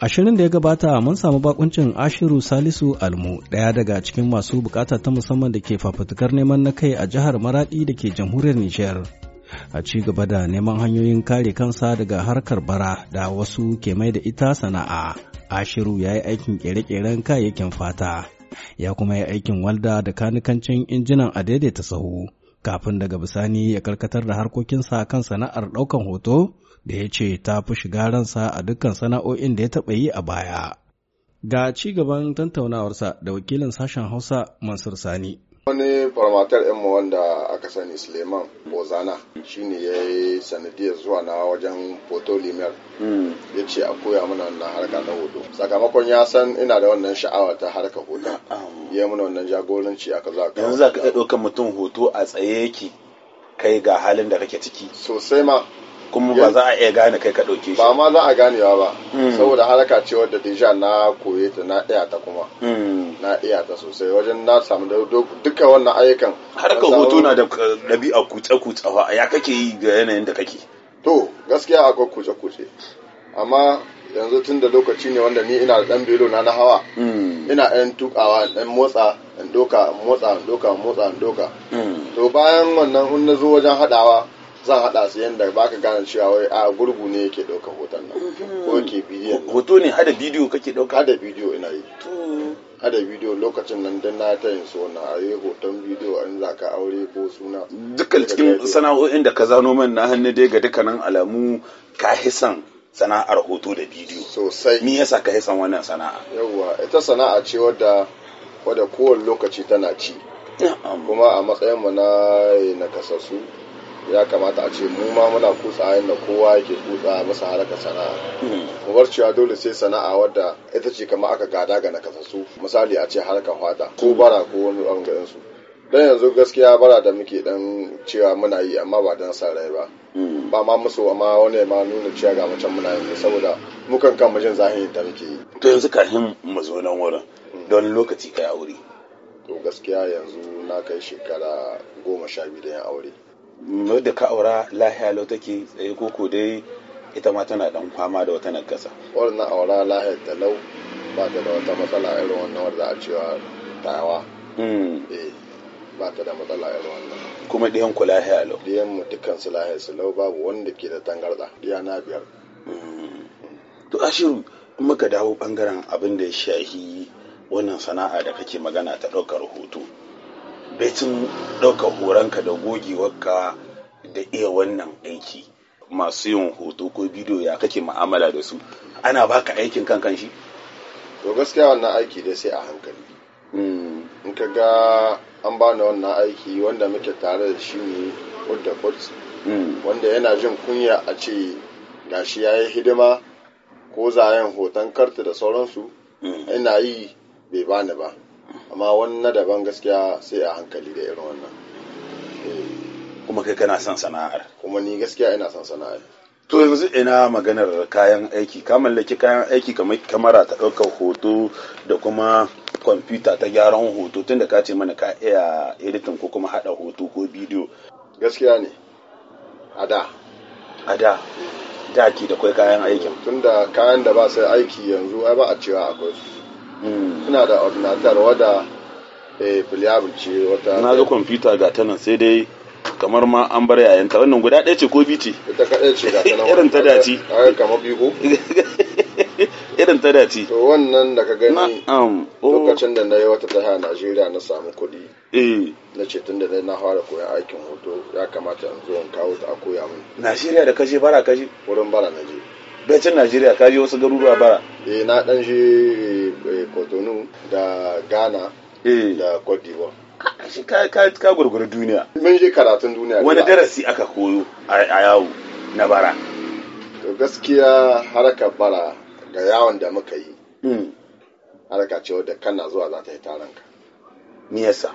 ashirin da ya gabata mun samu bakuncin ashiru salisu almu ɗaya daga cikin masu bukata ta musamman da ke fafutukar neman na kai a jihar maradi da ke jamhuriyar nijar a ci gaba da neman hanyoyin kare kansa daga harkar bara da wasu ke mai da ita sana'a ashiru ya yi aikin kere-keren kayayyakin fata ya kuma yi aikin walda da kanikancin injinan a daidaita sahu kafin daga bisani ya karkatar da harkokinsa kan sana'ar ɗaukan hoto da ya ce ta fi shiga ransa a dukkan sana'o'in da ya taɓa yi a baya. Ga ci gaban tantaunawarsa da wakilin sashen Hausa Mansur Sani. wani farmatar yanmu wanda aka sani suleiman bozana shine ya yi sanadiyar zuwa na wajen foto limer hmm. ya ce a koya mana wannan harka na hoto sakamakon ya san ina da wannan sha'awa ta harka hoto ya mana wannan jagoranci aka ka yanzu za ka ɗauka mutum hoto a tsaye yake kai ga halin da kake ciki sosai ma kuma ba za a iya gane kai ka ɗauke shi ba ma za a ganewa ba hmm. saboda haraka ce wadda deja na koye ta na iya ta kuma hmm. na iya ta sosai wajen na samu duka wannan ayyukan harkar hoto na da ɗabi'a kutse kuce fa ya kake yi ga yanayin da kake to gaskiya akwai kuce kuce amma yanzu tun da lokaci ne wanda ni ina da ɗan belo na na hawa hmm. ina ɗan tukawa ɗan motsa in doka motsa in doka motsa in doka to bayan wannan in na zo wajen haɗawa za a haɗa su yadda ba ka gane cewa wai a gurgu ne yake ɗauka hoton nan mm-hmm. ko yake bidiyo hoto ne hada bidiyo kake ɗauka hada bidiyo ina yi mm. hada bidiyo lokacin nan dan na ta yin so na yi hoton bidiyo an za ka aure ko suna dukkan cikin sana'o'in da ka zano man na hannu dai ga dukkanin alamu ka hisan sana'ar hoto da bidiyo sosai ni yasa ka hisan wannan sana'a yawwa ita sana'a ce wadda wadda kowane lokaci tana ci kuma a matsayin mu na eh, nakasassu ya kamata a ce mu ma muna kutsa yadda kowa yake kutsa masa haraka sana'a hmm. mu bar cewa dole sai sana'a wadda ita ce kamar aka gada ga nakasassu misali a ce harkar fata ko bara ko wani bangaren su dan yanzu gaskiya bara da muke dan cewa muna yi amma ba dan san rai ba hmm. ba ma musu amma wani ma nuna cewa ga macen muna yi saboda mukan kan mijin zahiri da muke yi to yanzu kafin mu zo nan wurin don lokaci kai aure to gaskiya yanzu na kai shekara goma sha biyu da yan aure wadda ka aura lahiya lau take tsaye koko dai ita ma tana dan kwama da wata nakasa wannan aura lahiya talau ba ta da wata matsala irin wannan wadda a cewa tawa hmm. eh, ba ta da matsala irin wannan kuma ɗiyan ku lahiya lau ɗiyan mu dukkan su lahiya su lau babu wanda ke da tangarɗa ɗiya na biyar hmm. to ashiru in muka dawo bangaren abin da ya shahi wannan sana'a da kake magana ta ɗaukar hoto baitin ɗaukar horonka da gogewarka da iya wannan aiki masu yin hoto ko bidiyo ya kake ma'amala da su ana baka aikin kankan shi to gaskiya wannan aiki dai sai a hankali hmm. in ka ga an bani wannan aiki wanda muke tare da shi ne da hmm. wanda yana jin kunya a ce ga shi ya yi hidima ko zayen hoton karta da sauransu hmm. ina yi bai bani ba amma wani na daban gaskiya sai a hankali da irin wannan eh. kuma kai kana son sana'ar kuma ni gaskiya ina son sana'ar to yanzu ina maganar kayan aiki ka mallaki kayan aiki kamar kamera ta ɗaukar hoto da kuma kwamfuta ta gyaran hoto tunda ka ce mana ka iya editin ko kuma haɗa hoto ko bidiyo gaskiya ne a da a da da ke da kwai kayan aikin tunda kayan da ba sai aiki yanzu ai ba a cewa akwai su hmm. ina da ordinator wadda filiyabil eh, ce wata na zo kwamfuta ga ta nan sai dai kamar ma an bar ta wannan guda ɗaya ce ko biti ita kaɗai ce ga ta irin ta daci kamar biyu irin ta dati To wannan da ka gani um, oh. lokacin da na yi wata ta a Najeriya na samu kuɗi. Eh. Na ce tun da na fara koyan aikin hoto ya kamata in zo in kawo ta a koya min. Najeriya da kaje bara kaje? Wurin bara na je. can Najeriya ka je wasu garuruwa bara? Eh na ɗan je Kotonou eh, da ghana eh. da cote d'ivoire shi ka ka duniya mun je karatun duniya wani darasi aka koyo a yawo na bara to gaskiya harkar bara da yawon da muka yi hmm. Haraka ce wadda kana zuwa za ta yi taron ka me yasa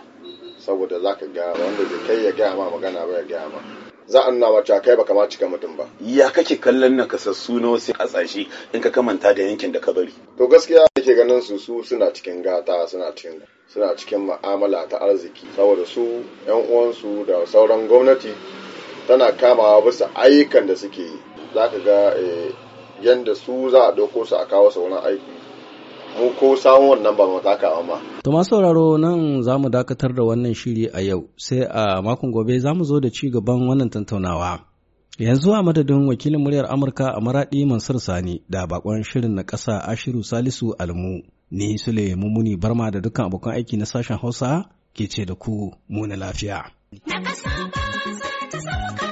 saboda za ka gaya wanda bai kai ya gaya ma magana ba ya gaya ma za a nuna wacce kai ba kama cika mutum ba ya kake kallon nakasassu na wasu kasashe in ka kamanta da yankin da ka bari to gaskiya nake ganin su su suna cikin gata suna cikin suna cikin ma'amala ta arziki saboda su yan uwansu da sauran gwamnati tana kamawa bisa ayyukan da suke yi za ka ga eh, yadda su za a ɗauko su a kawo sauran aiki mu ko samun wannan ba mu taka ma. To masu sauraro nan za mu dakatar da wannan shiri a yau sai a makon gobe za mu zo da ci gaban wannan tattaunawa. Yanzu a madadin wakilin muryar Amurka a maraɗi Mansur Sani da bakon shirin na ƙasa Ashiru Salisu Almu ni Sule Mumuni Barma da dukkan abokan aiki na sashen Hausa ke ce da ku muna lafiya. Na ƙasa ba za ta sauka.